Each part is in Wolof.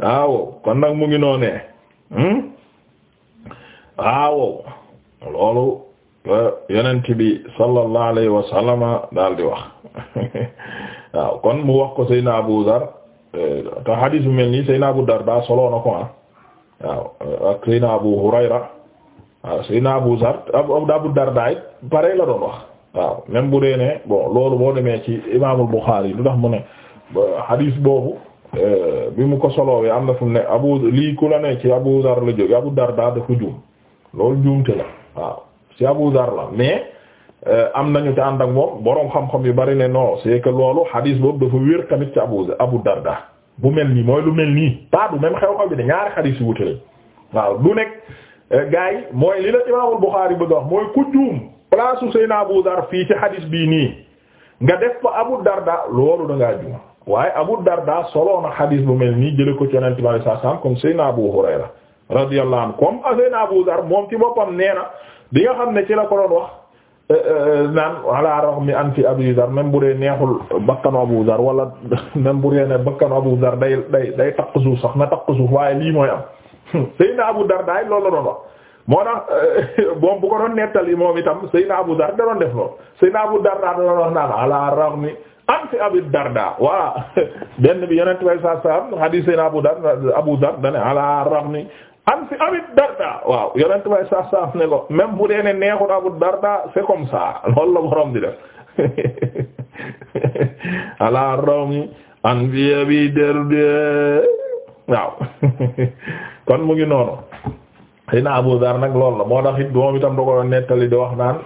waaw kon nag mu ngi noonee hmm? waaw loolu yonent bi sallallahu alayhi wa sallama daal di wax waaw kon mu wax ko Seydina Abu Dar eh, te xadiis bu mel nii Seydina Abu Dar daa solo na ko ah waaw ak Seydina Abu Hurayra waaw Seydina Abu Dar Abu Dar daay pare la doon wax waaw même bu dee ne bon loolu boo demee ci Imaamul Buxaari lu tax mu ne xadiis boobu. Euh, bi mu ko solowee am na fu mu ne abu lii ku la ne ci abu dar la jóge abu dar daa juum loolu juumte la waaw ci abu dar mais euh, am nañu te ànd ak moom boroom xam-xam yu bari ne non c'est que loolu xadiis boobu dafa wér tamit ci abu abu bu mel nii mooy lu mel nii pas du même xew-xew bi de ñaari xadiis yu wute lañ waaw du nekk euh, gars yi mooy li la imaamul Buxaari bëgg wax mooy ku juum place u abu dar fii ci xadiis bii nii nga def fa Abu Darda loolu da ngaa juma waaye Abu Darda solo na xadiis bu mel nii jële ko ci Yonent bi saa saam comme Seyna Abu Hurayra radiyallahu anhu comme Seyna Abu Dar moom ci boppam nee na bi nga xam ne ci la ko doon wax euh, euh, naan ala rahmi an fi Abu Dar même bu dee neexul bakkanu Abu Dar wala même bu dee ne bakkanu Abu Dar day day day takk suuf sax na takk suuf waaye lii mooy am Seyna Abu Darda loolu la doon moo tax boobu euh, bu ko doon nettali moom itam Seydina Abu Dar da doon def lool Seydina Abu Darda da doon wax naan ala raghmi an fi Abi Darda voilà benn bi yonent way sa salam hadith Seydina Abu Dar Abu Dar dane ala raghmi an fi Abi Darda waaw yonent way sa salam ne ko même bu dee ne neexul Abu Darda c'est comme ça loolu la borom di def ala raghmi an fi Abi Darda waaw kon mu ngi noonu xëy na Abu Dar loolu la moo tax it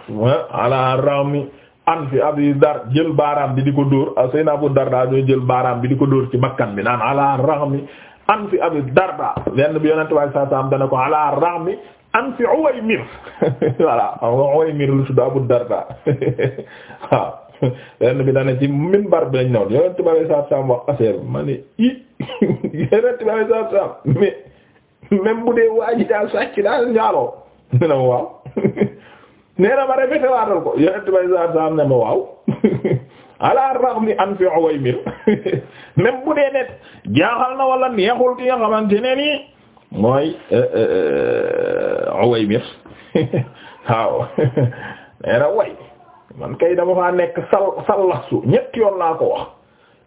moom an fi Abu Dar jël bi di ko dóor xëy ah, na Abu baaraam bi di ko dóor ci bakkan bi naan ala an fi Abu Darda lenn bi yonent waaye saam dana ko ala rami an fi Uwaymir voilà Uwaymir lu tudd Abu Darda waaw lenn bi dana ci minbar bi lañ ñëw yonent waaye saam wax affaire bi i yonent waaye saam mais. même bu dee waa ji daal sàcc daal njaaloo ne ma waaw nee ma répété waatal ko yonent bay sa saam ne ma waaw ala raghmi an fi Uwaymir même bu dee net jaaxal na wala neexul ki nga xamante ne nii mooy eh, eh, eh, Uwaymir waaw nee way man kay dama faa nekk sal sallaxsu ñetti yoon laa ko wax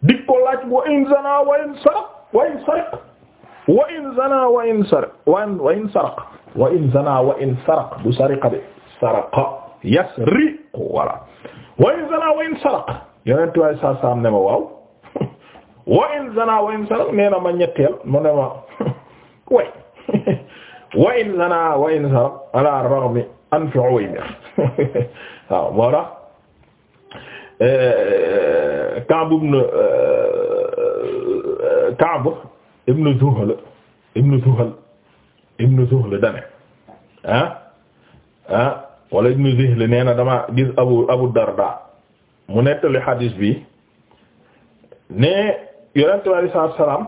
dik laaj wa in zana wa in saraq wa wa in zana wa in sar wa in saraq wa in zana wa in saraq du sariqa de saraqa yasriqu wala wa in zana wa in saraq yonent waaye saa saam ne ma waaw wa in zana wa in saraq nee na ma ñetteel mu ne ma way wa in zana wa in saraq ala raghmi anfi Uwaymir waaw moo tax eh, Ka'b ibn eh, Ka'b ibnu Zuhl ibnu Zuhl ibnu Zuhl dane ah ah wala ibnu Zuhl nee na dama gis Abu Abu Darda mu nettali xadiis bi ne yonente bi alei salaatu salaam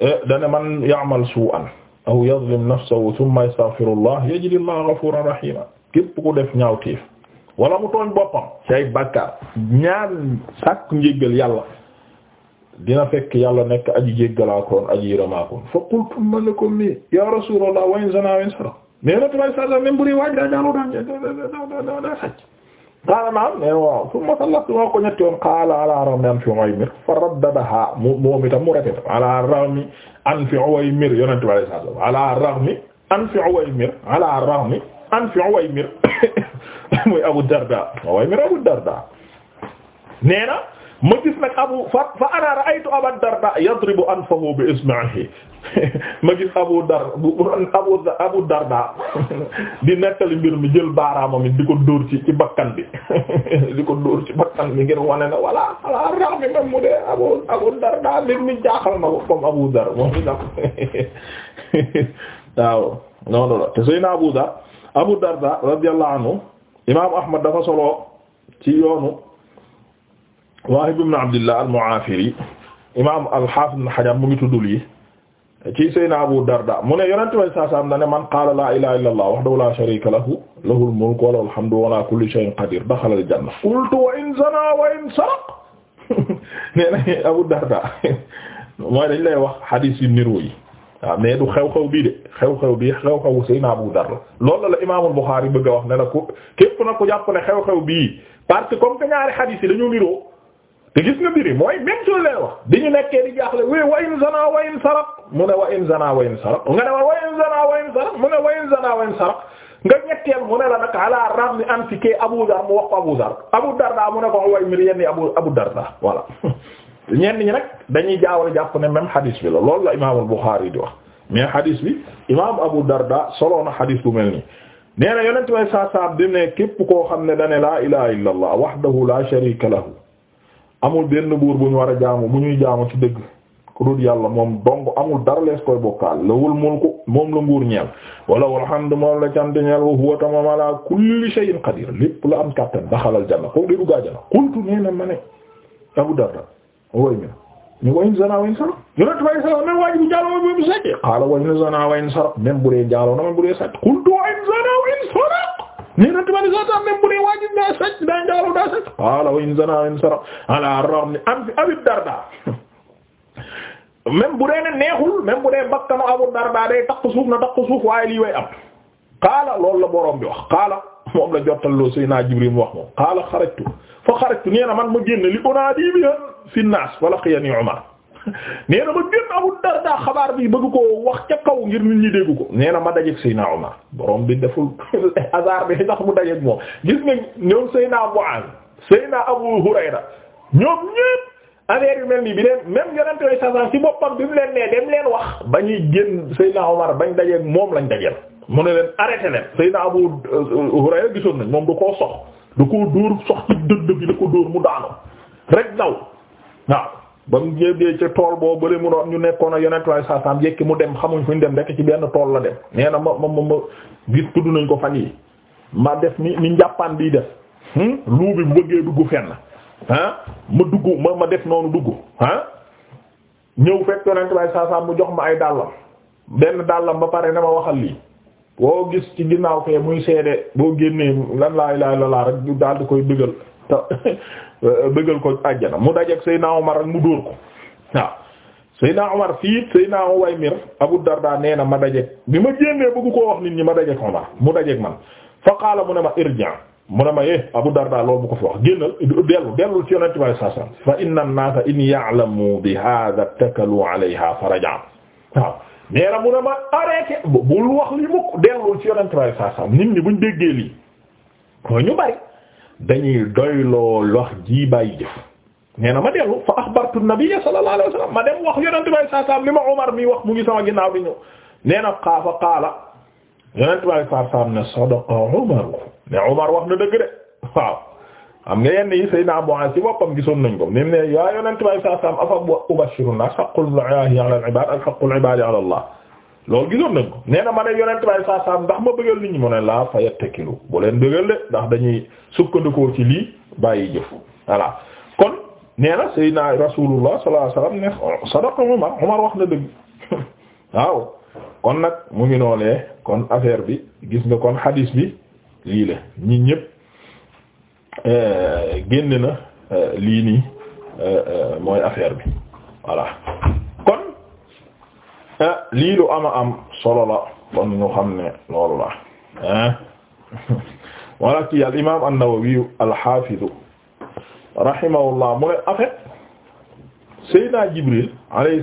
eh, dane man ya'mal su'an aw yadlim nafsahu thumma yastaghfirullah yajid Allaha ghafuran rahima képp ku def ñaawteef wala mu tooñ boppam ci ay bàkkaar ñaan sàkk njéggal yàlla dina fekk yàlla nekk aji jéggalaakoon aji yërëmaakoon fa qultu ma ne ko mi ya rasulullah wa in zana wa in sara mais yonent bi sallallahu alayhi wa sallam même bu dee waaj daa jaaloo daa daa sàcc qaala naam mais waaw summa sallatu ma ko ñetti yoon qaala ala rami an fi Uwaymir fa raddadaha moom itam mu répété ala rami an fi Uwaymir yonent bi sallallahu alayhi wa sallam ala rami an fi Uwaymir ala rami an fi Uwaymir muy Abu Darda Uwaymir Abu Darda nee na ma gis nag abu fa fa ana ra'aytu aba darda yadribu anfahu bi isma'ihi ma gis abu dar abu abu darda di nettali mbir mi jël baaraamam it di ko dóor ci ci bakkan bi di ko dóor ci bakkan bi ngir wane ne voilà voilà rax mi même mu dee abu abu darda mbir mi jaaxal na ko comme abu dar moom i dam waaw noonu la te sëy na abu dar abu darda radiyallahu anhu imam ahmad dafa solo ci yoonu Waahib ibn Abdillah al-Mu'aafiri imaam al-Haafiz ibn Hajar mu ngi tuddul yi ci Seydina Abu Darda mu ne yonent way saasaam na ne man qaala laa ilaaha illallah wahdahu laa shariika lahu lahul mulku wa lahul hamdu wa ala kulli shay'in qadiir daxala al-janna qultu wa in zanaa wa in saraq nee na Abu Darda mooy dañ lay wax xadiis yu niroo yi waaw mais du xew-xew bii de xew-xew bii xew-xewu Seydina Abu Darda loolu la Imaamul Buxaari bëgg a wax ne la ku képp na ku jàpp ne xew-xew bii parce que comme que ñaari xadiis yi dañoo niroo te gis nga mbiri mooy même chose di ñu nekkee di jaaxle wé wa in wa in saraq mu ne wa in wa in saraq nga ne wa in zana wa in saraq mu ne wa in zana wa in saraq nga ñetteel mu ne la nag ala ram ni an fi kee Abu Dar mu wax ko Abu Dar Abu Darda mu ne ko way mbir yenn Abu Abu ñi nag dañuy jaawale jàpp ne même hadis bi la loolu la imaamul Buxaari di wax mais hadis bi imaam Abu Darda solo na hadis bu mel nii nee na yonent way saa saab di ne képp koo xam ne dane la ilaha illa allah wahdahu la sharika lahu amul benn buur bu ñu war a jaamu bu ñuy jaamu ci dëgg ku yàlla moom dong amul dara lees koy bokkaal lawul mulku moom la nguur ñeel wala walhamdu moom la cant ñeel wa huwa tamam ala kulli shay'in qadir lépp la am kàttan daxalal janna ko déggu gaa janna qultu nee ma ne Abu Darda woy mi ne wayn zana wayn sara yonent way sara même waaji bu jaaloo même bu sàcc xaala wayn zana wayn sara même bu dee jaaloo na même bu dee qultu wayn zana nee na tubaab saa bu dee waajib daa sàcc daa njaaloo daa sàcc qaala wa in zanaa in saraqa ala ragm Abi Darda même bu neexul même bu dee bakkanu Abu Darda day takk na takk waaye lii way am qaala loolu la borom bi wax qaala moom la jottal loo Seydina Jibril wax moom qaala xarajtu fa xarajtu nee man ma génn li unaadi bi fi naas fa laqiyani Umar nee na ma génn Abu Darda xabaar bi bëgg koo wax ca kaw ngir nit ñi dégg ko nee na ma dajeek Seydina Omar borom bi deful hasard bi ndax mu dajeek moom gis nga ñoom Seydina Mu'aaz Seydina Abu Hurayra ñoom ñépp affaire yu mel nii bi leen même yonente way sasan ci boppam bi mu leen nee dem leen wax ba ñuy génn Seydina Omar bañ dajeek moom lañ dajeel mu ne leen arrêté leen Seydina Abu euh, Hurayra gisoon nañ moom du koo sox du koo dóor sox ci dëdd bi la ko dóor mu daanu rek daw waaw ba mu jéggee ca tool boo bëri mu doon ñu nekkoon a yonent waaye saa saam mu dem xamuñ fu ñu dem rek ci benn tool la dem nee na ma ma ma gis tudd nañ ko fan yi ma def ni ni njàppaan bii def hmm? luu bi bu bëggee dugg fenn ah ma dugg ma ma def noonu dugg ah ñëw fekk yonent waaye saa saam mu jox ma ay dàllam benn dàllam ba pare na ma waxal lii boo gis ci ginnaaw fee muy seede boo génnee lan laa ilaaha illallaah rek daal di koy bëggal te bëggal ko àjjana mu dajeek Seydina Omar rek mu dóor ko waaw Seydina Omar fii Seydina Uwaymir Abu Darda nee na ma dajeek bi ma génnee nit ñi ma dajeek mu dajeek man fa qaala mu ne ma irja mu ne ma eh Abu Darda loolu bu ko fi wax génnal dellu dellu ci Yonent bi saa fa inna an-naasa in ya'lamu bi haadha ittakalu alayha faraja waaw nee na mu ne ma arrêté bul wax li mukk dellul ci yonent bi saa saam nit ñi buñ déggee lii mooy ñu bari dañuy doyloo wax ji bàyyi jëf nee na ma dellu fa axbartu nabiyya sallallahu alayhi ma dem wax yonent bi saa saam li ma Umar mi wax mu ngi sama ginnaaw di ñëw nee na xaafa xaala yonent bi saa saam ne sadaqa Umar ne Umar wax na dëgg de waaw. am nga yenn yi Seydina Mu'aaz ci boppam gisoon nañ ko ni mu ne yaa yonent bi saa saam afa ubashiru naas haqqul laahi ala al ibaad ak haqqul ibaadi ala Allah loolu gisoon nañ ko nee ma ne yonent bi ndax ma bëggal nit ñi mu ne laa fayattakilu bu leen bëggal de ndax dañuy sukkandikoo ci lii bàyyi jëf voilà kon nee na Seydina Rasuulullah sallallahu alayhi Umar wax na dëgg waaw kon nag mu ngi noonee kon affaire bi gis nga kon hadis bi lii la ñi ñépp. Euh, génn na euh, lii euh, mooy affaire bi voilà kon lii ama am solo la kon ñu xam ne loolu la ah wala ci al imaam an-Nawawi al mu ne en fait Seydina Jibril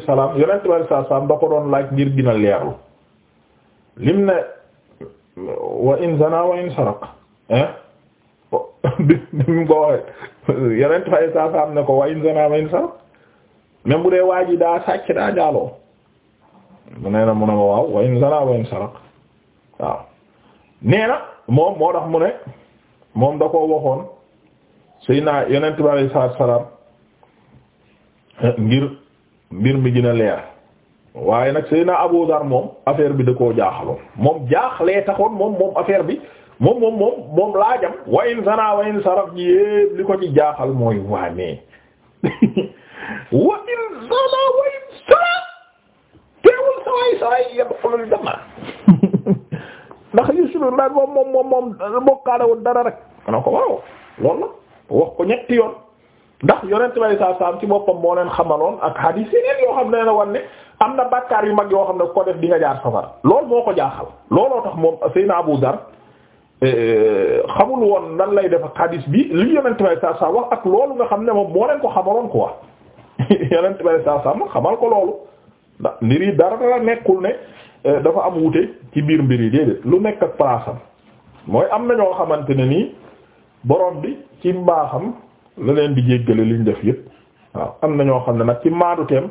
salaam yonent bi alayhi salaam da ko doon laaj ngir gën a leerlu saraq di mu ko waxee yeneen fay saa saa am ne ko wayin zana wayin sax même bu dee waa ji daa sàcc daa jaaloo mu nee na mu ne ma waaw wayin zana wayin sarak waaw nee na moom moo tax mu ne moom da koo waxoon suy naa yeneen tubaab yi saa mbir mi dina leer waaye nag suy naa Abu Dar moom affaire bi da koo jaaxaloon moom jaaxlee taxoon moom moom affaire bi. moom moom moom moom laajam wa in sana wa in saraf yépp li ko ci jaaxal mooy waane wa in sana wa in saraf teewul sawaay sawaay yab xolol dama ndax li sulu la moom moom moom moom bokkaalewul dara rek mana ko ñetti yoon ndax yonent bay saa saam ci boppam moo leen xamaloon ak hadis yeneen yoo xam ne na wan ne am na bàkkaar yu mag yoo xam ne ko def di nga jaar safara loolu moo ko jaaxal looloo tax moom Seydina Abu Dar Euh, xamul woon nan lay def ak xadis bi li yonent bay saa saa wax ak loolu nga xam ne moom moo leen ko ko quoi yonent bay saa saa moom xamal ko loolu ndax mbir yi dara dara nekkul ne euh, dafa am wute ci biir mbir yi de lu nekk ak palaasam mooy am na ñoo xamante ne nii borom bi ci mbaaxam la leen di jéggale liñ def yëpp waaw am na ñoo xam ne nag ci maadu teem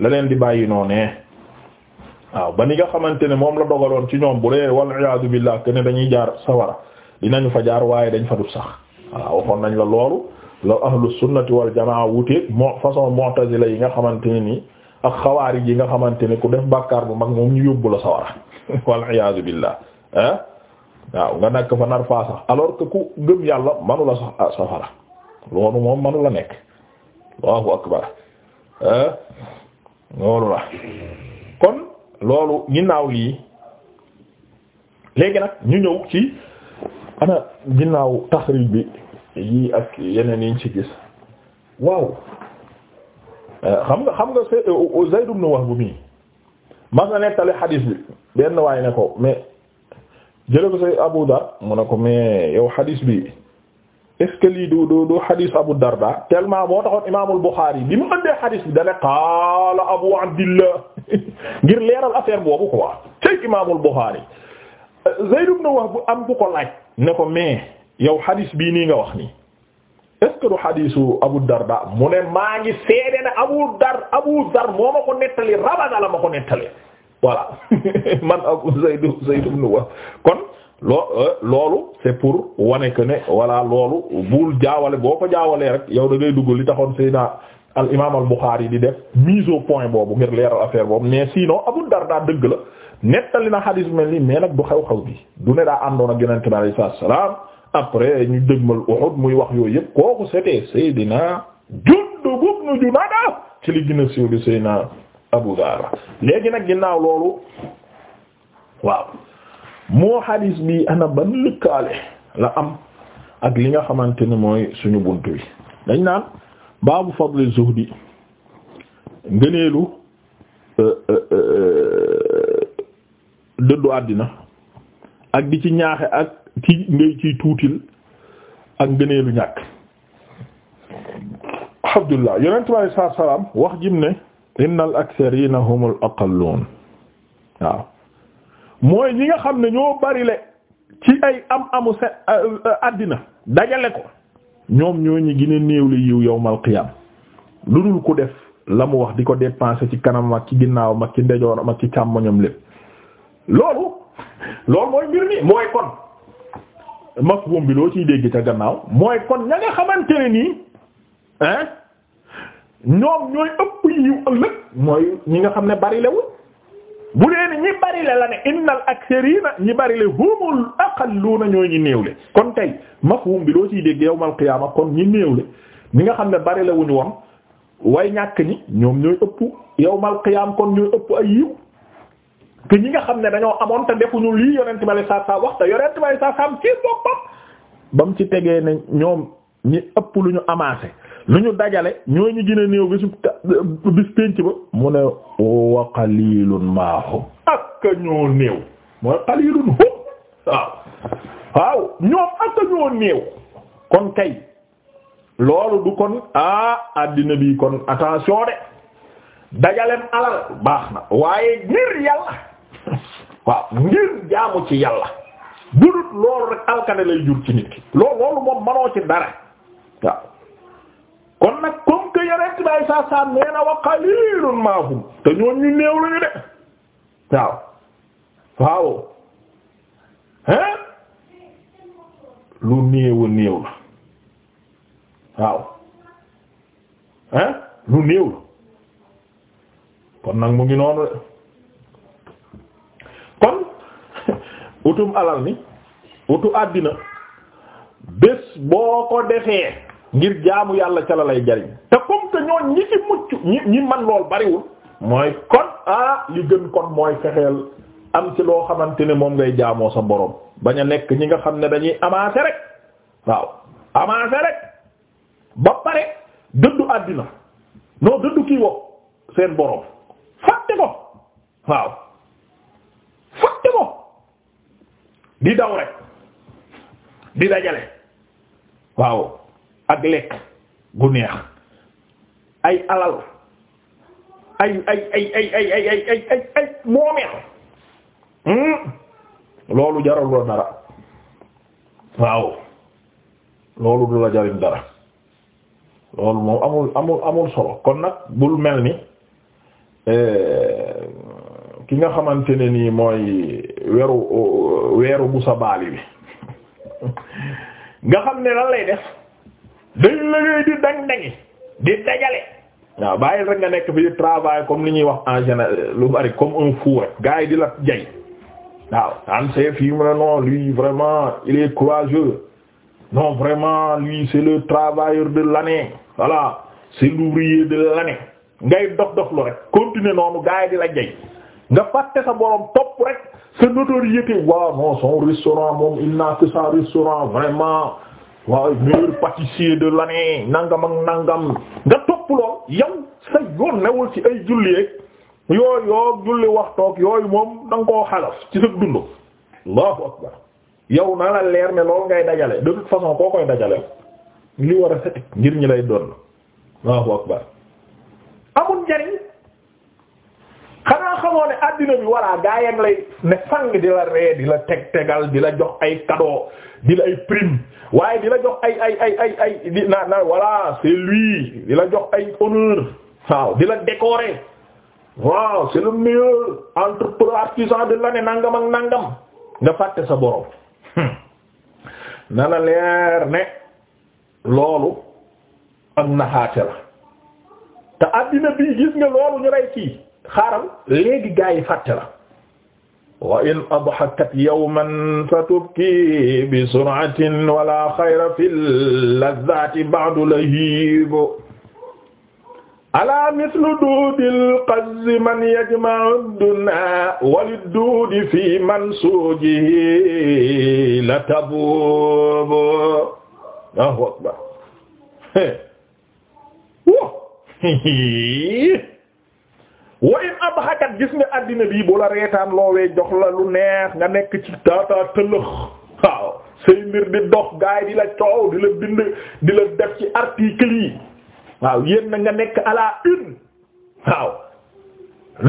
la leen di bàyyi noonee waaw ba ni nga xamante ne moom la dogaloon ci ñoom bu dee wal iyaadu billah ne dañuy jaar sawara dinañu fa jaar waaye dañ fa du sax waaw waxoon nañ la loolu la ahlu sunnati wal jamaa wuteeg moo façon mu'tazila yi nga xamante ne nii ak xawaarij yi nga xamante ne ku def bàkkaar bu mag moom ñu yóbbu la sawara wal iyaadu billah ah waaw nga nekk fa nar faa sax alors ku gëm yàlla manu la sax ah, safara loolu moom manu la nekk loolu la kon. loolu ginnaaw lii léegi nag ñu ñëw ci ana ginnaaw taxrij bi yii ak yeneen yiñ ci gis waaw xam nga xam nga c'est euh, Zayd ibn Wahb mi mas na nettali xadiis bi benn waay ne ko mais jële ko say Abu Dar mu ne ko mais yow xadiis bi est ce que lii du du du xadis Abu Darda tellement moo taxoon imaamul Buxaari bi mu ëndee xadis bi da qaala Abu Abdillah ngir leeral affaire boobu quoi cey imaamul Buxaari Zayd ibn Wahb am ku ko laaj ne ko mais yow xadis bii nii nga wax nii est ce que du xadisu Abu Darda mu ne maa ngi seede ne Abu Dar Abu Dar moo ma ko nettali rabada la ma nettali voilà man Abu Zayd Zayd ibn Wahb loo euh, loolu c'est pour wane que ne voilà loolu bul jaawale boo ko jaawalee rek yow da ngay dugg li taxoon Seydina al imaam al Bukhari di def mise au point boobu ngir leeral affaire boobu mais sinon Abu Darda dëgg la nettali na xadis mel nii mais nag du xew-xew bi du ne daa àndoon a Yonent ki alayhi salaatu salaam après ñu dëgmal Uhud muy wax yooyu yëpp kooku c'était Seydina Jundub ibn Junaada ci li gën a siiw di Seydina Abu Darda léegi nag ginnaaw loolu moo xadis bi ana ban lëkkaale la am ak li nga xamante ni mooy suñu bunt bi dañ naan baabu fadli zuhdi ngëneelu euh, euh, euh, dëddu àddina ak di ci ñaaxe ak ci ngay ciy tuutil ak ngëneelu ñàkk alhamdulillah yonent bi salaam wax jim ne innal aktharina humul aqallun waaw mooy ñi nga xam ne ñoo bari le ci ay am amu se àddina euh, euh, dajale ko ñoom ñoo ñi gën néew la yiw yawmal qiyaam lu dul ku def la mu wax di ko dépenser ci kanam ak ci ginnaaw ak ci ndejooram ak ci càmmoñam lépp loolu loolu mooy mbir mi mooy kon mafhum bi loo ciy dégg ca gannaaw mooy kon ña nga xamante nii hein ñoom ñooy ëpp yiw ëllëg mooy ñi nga xam ne bari lewul bu leen ñi bari le la ne innal aktharina ñi bari le humul aqalluna ñoo ñi néew le kon tey ma bi loo ciy dégg yawmal qiyaama kon ñi néew le ñi nga xam ne bari le wuñu woon way ñàkk ñi ñoom ñooy ëpp yawmal qiyaam kon ñooy ëpp ay yiw te ñi nga xam ne dañoo amoon te defuñu lii yonent bale saa saa wax te yonent bale saa saa am ci boppam ba mu ci tegee ne ñoom ñi ëpp lu ñu amaase lu ñu dajale ñoo ñu gën a néew bisu bis pénc ba mu ne wa qalilun maahum ak ñoo néew mooy qalilun hum waaw waaw ñoom ak ñoo néew kon kay loolu du kon ah addina bi kon attention de dajalem alal baax na waaye ngir yàlla waaw ngir jaamu ci yàlla budut loolu rek alkane lay jur ci nit ki loolu loolu moom manoo ci dara waaw kon nag comme que yonent bay saa saa nee na wa qalilun ma ñu néew lañu de waaw waaw hein lu néew a waaw hein lu néew kon nag mu ngi noonu de kon utum alal ni utu àddina bés boo ko defee ngir jaamu yàlla ca la lay jariñ te comme que ñoo ñi ci mucc ñi man lool bariwul mooy kon ah li gën kon mooy fexeel am ci loo xamante ne moom ngay jaamoo sa boroom bañ a nekk ñi nga xam ne dañuy avancer rek waaw avancer rek ba pare dëddu àddina non dëddu kii wo seen borom fàtte ko waaw fàtte ko di daw rek di dajale waaw ak lekk gu neex ay alal ay ay ay ay ay ay loolu jaral la dara waaw loolu du la jariñ dara loolu moom amul amul amul solo kon nag bul mel ni ki nga xamante ne nii mooy weeru weeru bu sa baali bi nga xam ne lan lay def dañ liggéey di dang dangi di dajale waaw bàyyil rek nga nekk fi di travail comme li ñuy wax en général lu bari comme un fou rek gars yi di la jay waaw an chef yi mu ne non lui vraiment il est courageux non vraiment lui c'est le travailleur de l'année voilà c'est l'ouvrier de l'année ngay dox dox lu rek continuer noonu gars yi di la jay nga fàtte sa borom topp rek sa notoriété waaw non son restaurant moom il n'a que ça restaurant vraiment waaw meilleur pâtissier de l'année nangam ak nangam nga topp lool yow sa yoon newul ci ay julli rek yooyu yoo julli waxtoog yooyu moom da koo xalaf ci sa dund allahu akbar yow na la leer ne loolu ngay dajale de toute façon koo koy dajale li war a set ngir ñi lay doon allahu akbar amul njariñ xanaa xamoo ne àddina bi walla gaa yag lay ne fang di la ree di la teg tegal di la jox ay cadeau di la ay prime waaye di la jox ay ay ay ay ay di na na voilà c'est lui di la jox ay honneur waaw di la décorer waaw c'est le meilleur entrepreneur artisan nangam ak nangam nga fàtte sa borom na la leer ne loolu ak naxaate la te addina bii gis nga loolu ñu lay kii xaaral léegi gaa yi fàtte la wa in adhakat yawman fatubki bi sur'atin wala xayra fil ladhati ba'du lahib ala mithlu duudil qazzi man yajma'u dunaa walid duudi fi mansuujihi latabub Allahu akbar wa in abxakat gis nga àddina bii bu la reetaan loowee jox la lu neex nga nekk ci taataa tëlëx waaw say mbir di dox gaay di la coow di la bind di la def ci article yi waaw yéen nga nekk à la une waaw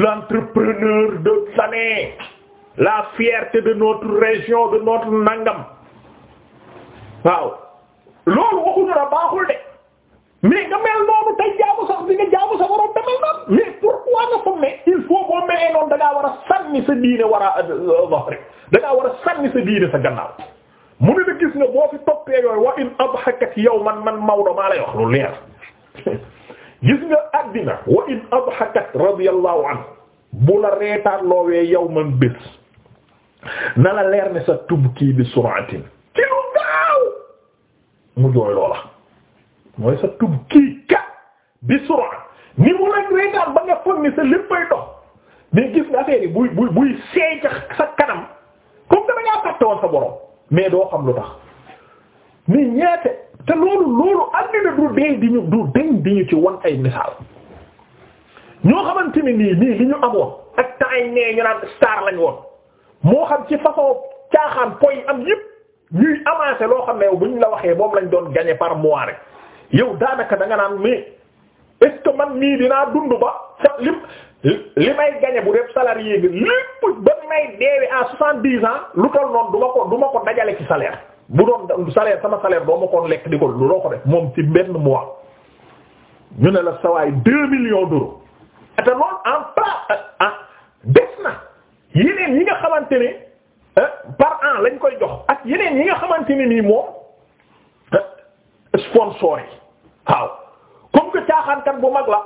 l'entrepreneur de l'année la fierté de notre région de notre nangam waaw loolu waxuñu la baaxul de mais nga mel noonu tey sax bi nga sa borom demel noonu mais pourquoi nga foog ne il faut boo war a sànni war a zahri da war a sànni sa diine mu ne la gis nga boo fi toppee yooyu wa in adhakat yawman man Maodo maa lay wax lu leer gis nga addina wa in sa tubki bi sur'atin ci gaaw mu jooy loola. mooy sa tub kii ka bi sura ni mu lañ reetaan ba nga foog ni sa léppay dox mais gis nga affaire yi buy buy seey ca sa kanam comme dama ngaa fàtte woon sa borom mais doo xam lu tax ni ñeete te loolu loolu àddina du dee di ñu du deñ di ñu ci wan ay misaal ñoo xamante ni nii nii li ñu amoon ak temps yi nee ñu naan star lañ woon moo xam ci façon caaxaan poy am yépp ñuy avancer loo xam ne bu ñu la waxee moom lañ doon gagner par mois yow daanaka da nga naan mais est man mii dinaa dund ba sa li may gañe bu def salarié bi lépp ba may deewe à soixante-dix ans lu toll noonu du ma ko du ma ko dajale ci salaire bu doon salaire sama salaire doo ma koon lekk di ko lu doo ko def moom ci benn mois ñu ne la sawaay deux millions d'euros te loolu en pas ah des na yeneen yi nga xamante ne eh, par an lañ koy jox ak yeneen yi nga xamante ne nii moom sponsor yi waaw comme que caaxaankat bu mag la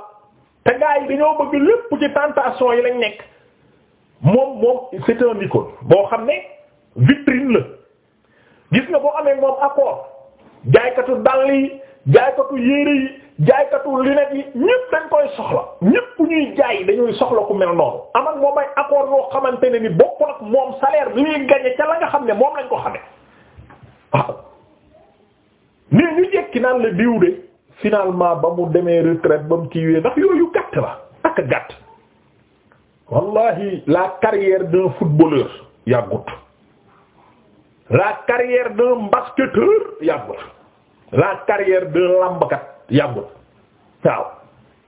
te gars yi dañoo bëgg lépp ci tentation yi lañ nekk moom moom c'est un boo xam ne vitrine la gis nga boo amee moom accord jaaykatu dàll yi jaaykatu yére yi jaaykatu lunette yi ñépp dañ koy soxla ñépp ñuy jaay dañuy soxla ku mel noonu am ak moom ay accord yoo xamante ni bokkul ak moom salaire bi ñuy gagner ca la nga xam ne moom lañ ko xamee waaw mais ñu jekki naan la diw de finalement ba mu demee retraite ba mu kiiwee ndax yooyu gàtt la ak gàtt wallahi la carrière d'un footballeur yàggut la carrière d'un basketteur yàggut la carrière d'un yàggut waaw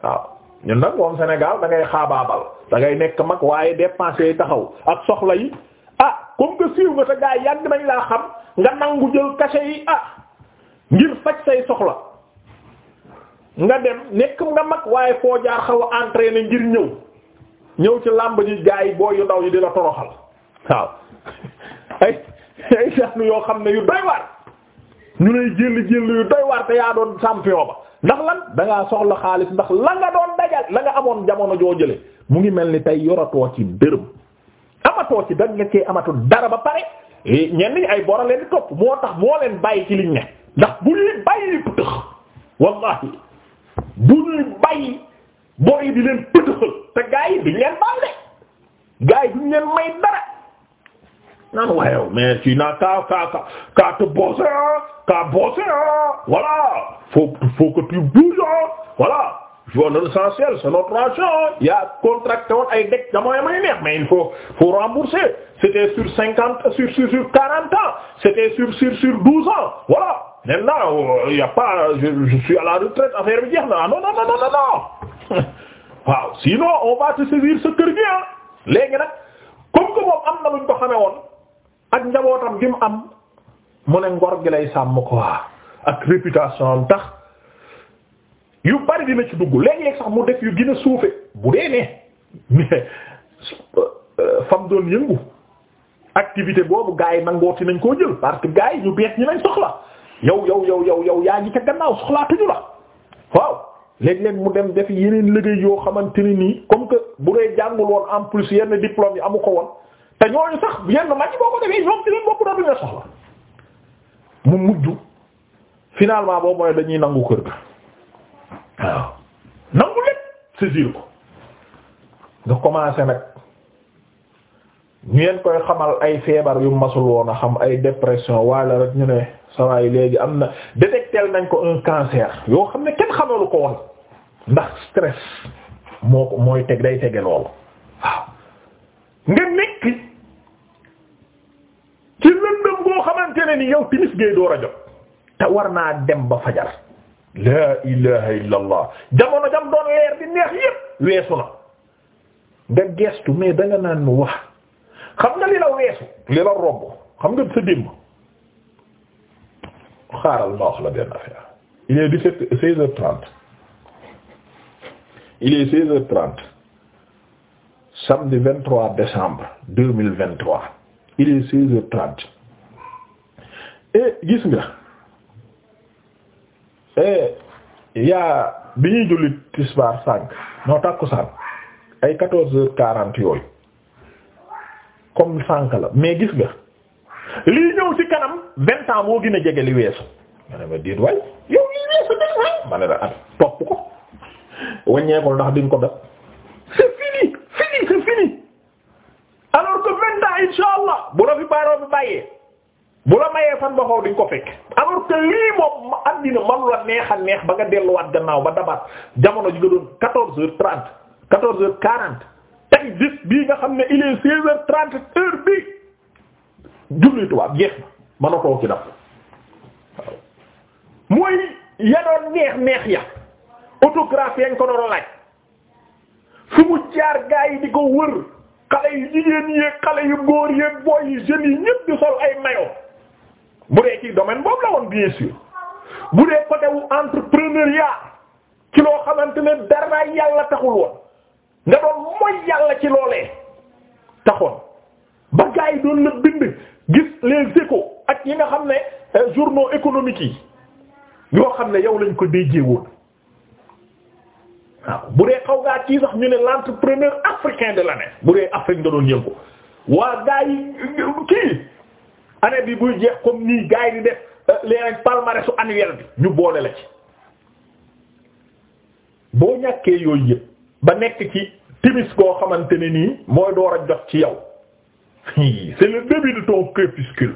waaw ñun nag moom Sénégal da ngay xaabaabal da nekk mag waaye dépensé yi taxaw ak soxla yi ah comme que siiw nga sa gaay yàgg nañ laa xam nga nangu jël cachet yi ah ngir faj say soxla nga dem nekk nga mag waaye foo jaar xaw a entraîner ngir ñëw ñëw ci làmb ji gaa yi booy yu ndaw yi di la toroxal waaw ay ay daanu yoo xam ne yu doy waar ñu lay jël jël yu doy te yaa doon champion ba ndax lan da soxla xaalis ndax la nga doon dajal la nga amoon jamono joo jële mu ngi mel ni tey yoratoo ci dërëm amatoo ci dag nga cee amatul dara ba pare eh, ñenn ñi ay bora leen topp moo tax moo leen bàyyi ci liñ ne ndax bu ñu bàyyi wallahi bu ñu bàyyi booy di te gaa yi duñ leen baal de gaa yi duñ leen may dara naan ka ka ka ka te bosser ka bosser voilà faut faut que tu bouges voilà joue l'essentiel c'est notre argent yaa contracté woon ay dëkk damooy may neex mais il faut faut rembourser c'était sur cinquante sur sur sur quarante ans c'était sur sur douze ans voilà nen na oh, il y jeex na ah, on va te sa kër gi ah léegi nag comme que moom am na ko xamee woon ak njabootam gi mu am mu ne ngor gi lay sàmm ko waa ak réputation am tax yu bari dina ci dugg léeg-léeg sax mu def yu gën a bu dee ne euh, fam doon yëngu activité boobu gars yi ti nañ koo jël parce que gars yi ñu bees ñi nañ soxla yow yow yow yow yow yaa ngi ca gannaaw soxlaatuñu la waaw léeg-léeg mu dem def yeneen liggéey yoo xamante ni nii comme que bu dee jàngul woon en plus yenn diplôme yi amu ko woon te ñooñu sax yenn màcc boo ko defee ñoom ci leen bopp dootuñu la soxla mu mujj finalement boo mooy dañuy nangu kër ga waaw nangu lépp saisir ko nga commencé nag. ngeen koy xamal ay feebar yu masul woon a xam ay dépression wala rek ñu ne sawaay léegi am na détecté nañ ko un cancer yoo xam ne kenn xamalu ko woon ndax stress moo ko mooy teg day tege loolu nga nekk ci lëndëm goo xamante ni yow timis gay door a jot te war naa dem ba fajar laa ilaha illa allah jamono jam doon leer di neex yépp weesu na nga gestu mais da naan wax xam nga li la weesu li la romb xam nga sa démb xaaral ma wax la benn affaire il est dix-sept seize heures trente il est seize heures trente samedi vingt-trois décembre deux mille vingt-trois il est seize heures trente et gis nga eh, yaa bi ñuy julli tisbaar sànq noo tàkku sànq ay quatorze heures quarante yooyu comme sànk la mais gis nga lii ñëw ci kanam vingt ans moo gën a jege li weesu ma ne ma déet waay yow lii weesu déet waay ma ne ah, topp ko wàññeekul ndax diñ ko def c'est fini fini c'est fini alors que vingt ans insha allah bu la fi baaroo bi bàyyee bu la mayee fan ba xaw diñ ko fekk alors que lii moom àddina manu la neex a neex ba nga delluwaat gannaaw ba dabaat jamono ji nga doon quatorze heures trente quatorze heures quarante tey bis bii nga xam ne il est seize heures trente heure bii jeex na mën a too ci mooy yadoon neex neex ya autographe yañ ko doon laaj fu mu jaar yi di ko wër xale yu jigéen yéeg xale yu góor yéeg boy yu jeunes yi ñépp di sol ay mayo bu dee ci domaine boobu la woon bien sûr bu dee côté wu entrepreneuriat ci loo xamante ne dara yàlla taxul woon nga doon mooy yàlla ci loolee taxoon ba gaa yi doon la bind gis les échos ak yi nga xam ne euh, journaux économiques yi yoo xam ne yow lañ ko déjee woon waaw bu dee xaw gaa kii sax ñu ne l'entrepreneur africain de l'année bu dee Afrique nga doon yëngu waa gaa yi kii année bi buy jeex comme nii gaa yi di def euh, léeg palmarèsu annuel bi ñu boole la ci boo ñàkkee yooyu yëpp. ba nekk ci timis goo xamante ne nii mooy door a jot ci yow c'est le début de ton crépuscule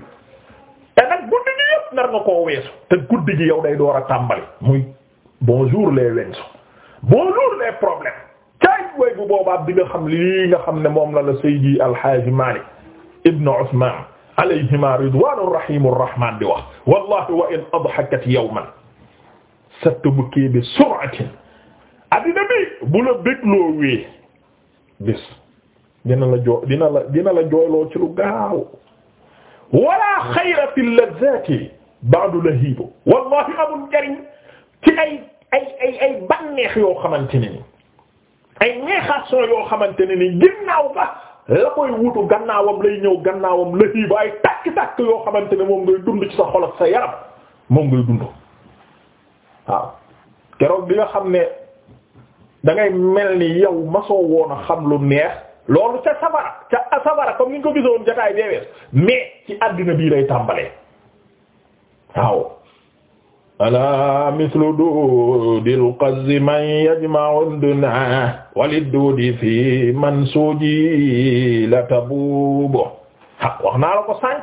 te nag guddi gi yëpp day door a tàmbali muy bonjour les wensu bonjour les problèmes caay way bu boobaa bi nga xam lii nga xam ne moom la la Seydi Alxaaji Maalik ibnu Usmaan alayhima ridwaanu rahimu rahmaan di wax wallahi wa in adhakat yawman satubki bi sur'atin addina bi bu la bégloo wee bis dina la joo dina la dina la jooyloo ci lu gaaw wala xayra fi lazati ba'du lahibu wallahi amul njariñ ci ay ay ay banneex yoo xamante ni ay neexation yoo xamante ni ginnaaw ba la koy wutu gannaawam lay ñëw gannaawam lahibu ay takk-takk yoo xamante ne moom ngay dund ci sa xol sa yaram moom ngay dund waaw keroog bi xam ne dangay mel ni yow masoo woon a xam lu neex loolu ca safara ca safara comme ni ñu ko gisoon jotaay bee wees mais ci àddina bii lay tàmbalee waaw ala mislu duudil qazzi man yajma'u duna walid duudi fi mansuji la tabubo ah wax naa la ko sànq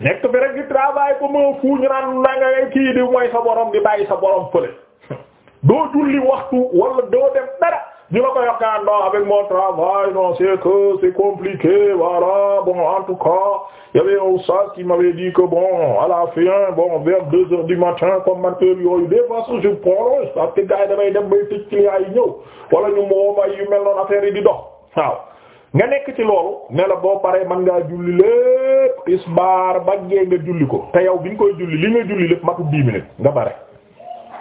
nekk fi rek di travail ba ma fuuñ naan na nga kii di mooy sa borom di bàyyi sa borom fële doo julli waxtu wala doo def dara ñu la koy wax naan non avec mon travail non c'est que c'est compliqué voilà bon en tout cas y avait un oustaz qui m'avait dit que bon à bon vers deux heures du matin man heure yooyu des fois je prolonge parce dem bay tëj client yi ñëw wala ñu moo may yu mel noonu affaire yi di dox waaw. nga nekk ci loolu ne la boo paree man ngaa julli lépp isbaar ba gee nga julli ko te yow bi nga koy julli li nga julli lépp matu dix minutes nga bare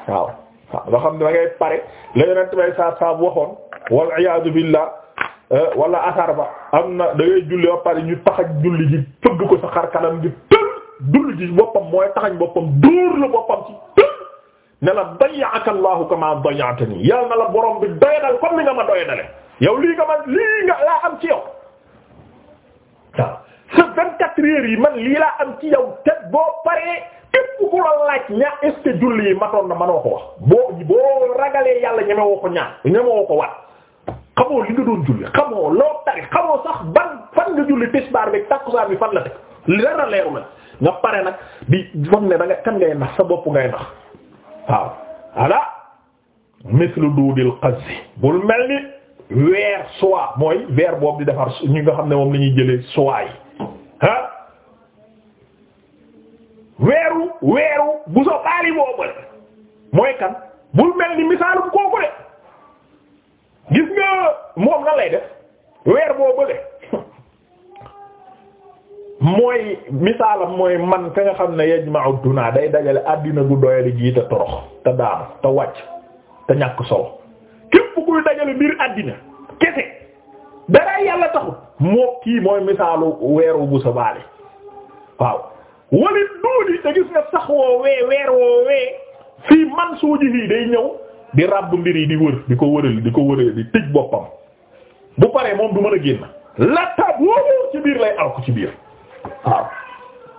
waaw. waaw nga xam ne da ngay pare la yonent bay saa saab waxoon wal iyaadu billah eh, wala asar ba am na da ngay julli ba pare ñu taxaj julli ji fëgg ko sa xar kanam gi tël julli ji boppam mooy taxañ boppam dóor la boppam ci tël ne la dayyaka Allahu kama dayyatani yàlla na la borom bi doyadal comme ni nga ma doyadale yow lii nga laa am ci yow waaw sa vingt yi man lii laa am ci yow te boo paree ku la laaj ñaa est julli yi matoon na manoo ko wax boo boo ragalee yàlla ñeme woo ko ñaan ñeme woo ko wat xamoo li nga doon julli xamoo loo tari xamoo sax ban fan nga julli tisbaar bi takkusaan bi fan la teg leer leeru la nga pare nag di foog ne da nga kan ngay nax sa bopp ngay nax waaw ala mislu duudil qazzi bul mel ni weer soie mooy weer boobu di defar ñi nga xam ne moom lañuy jëlee soie yi weeru weeru bu so baali boobu le mooy kan bul mel ni misaalum kooku de gis nga moom nan lay def weer boobu le mooy misaalam mooy man ka nga xam ne yajma'u dunaa day dajale àddina bu doyali ji te torox te daanu te wàcc te ñàkk solo képp kuy dajale mbir àddina kese dara yàlla taxut moo kii mooy misaalu weeru bu so baali waaw walit duuni te gis nga sax woo weer woo wee fii man suuji day ñëw di ràbb mbir yi di wër di ko wëral di ko wëral di tëj boppam bu paree moom du mën a génn lattaab wóobu ci biir lay alko ci biir waaw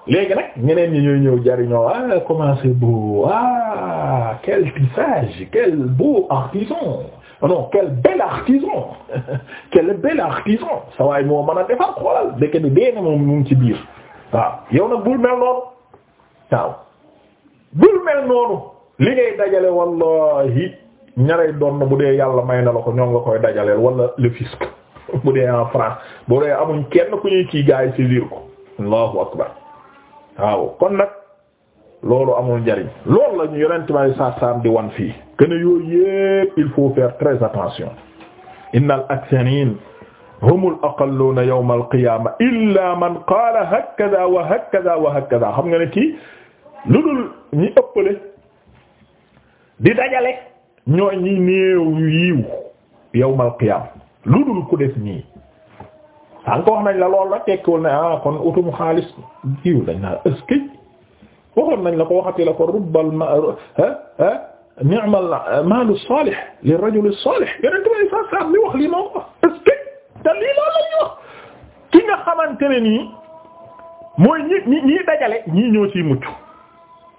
léegi nag ñeneen ñi ñooy ñëw jariñoo ah comment c'est beau ah quel tissage quel beau artisan non quel bel artisan quel bel artisan sa waay moo mën a defar xoolal dëkk bi dee na moom ngi ci biir waaw yow nag bul mel noonu waaw bul mel noonu li ngay dajale wallahi ñarey doon na bu dee yàlla may na la ko ñoom nga koy dajaleel wala le fisc bu dee en France bu dee amuñ kenn ku ñuy kii gaay saisir ko allahu akbar waaw kon nag loolu amul njariñ loolu la ñu yonent may saasam di wan fii que ne yooyu yépp il faut faire très attention innal aktharin humul aqalluuna yawmal qiyaama illaa man qaala hakkadaa wa hakkadaa wa hakkadaa xam nga ne kii lu dul ñi ëppale di dajale ñooy ñi néew yu yiiw yawmal qiyaama lu dul ku def nii. sànq wax nañ la lool la tekkiwul ne ah kon utum xaalis jiw dañ naa est-ce que waxoon nañ la ko waxati la ko rubbal ma ah ah ni'mal maalu saalih lirajuli saalih yeneen tubaab yi sax wax lii noonu est-ce que te lii loolu ki nga xamante ne nii mooy ñi ñi ñii dajale ñii ñoo ciy mucc